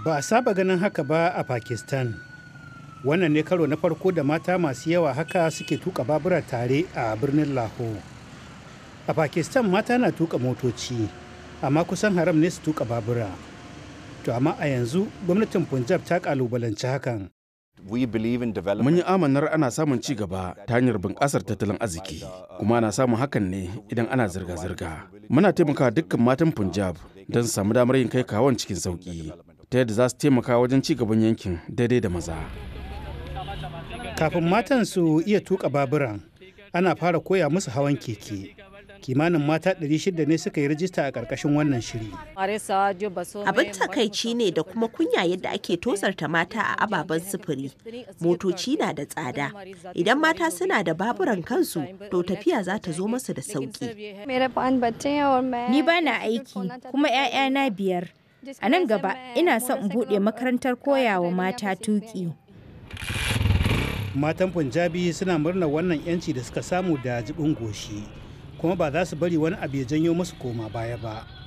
ba a saba ganin haka ba a pakistan wannan ne karo na farko da mata masu yawa haka suke tuka babura tare a birnin Laho. a pakistan mata na tuka motoci amma kusan haram ne su tuka babura to amma a yanzu gwamnatin punjab ta kalubalanci hakan Mun yi amanar ana samun ci gaba ta hanyar bunƙasar tattalin arziki, kuma ana samun hakan ne idan ana zirga-zirga. Muna taimaka dukkan matan Punjab don samu damar yin kai kawon cikin sauƙi, ta yadda za su taimaka wajen ci gaban yankin daidai da maza kafin matan su iya tuka baburan ana fara koya musu hawan keke kimanin mata 600 ne suka yi rajista a ƙarƙashin wannan shiri. Abin takaici ne da kuma kunya yadda ake tozarta mata a ababen sufuri. Motoci na da tsada. Idan mata suna da baburan kansu, to tafiya za ta zo masu da sauƙi. Ni ba na aiki, kuma 'ya'yana biyar. A nan gaba ina son in buɗe makarantar koyawa mata tuƙi. Matan Punjabi suna murnar wannan 'yanci da suka samu da jibin goshi, kuma ba za su bari wani abu ya janyo musu koma baya ba.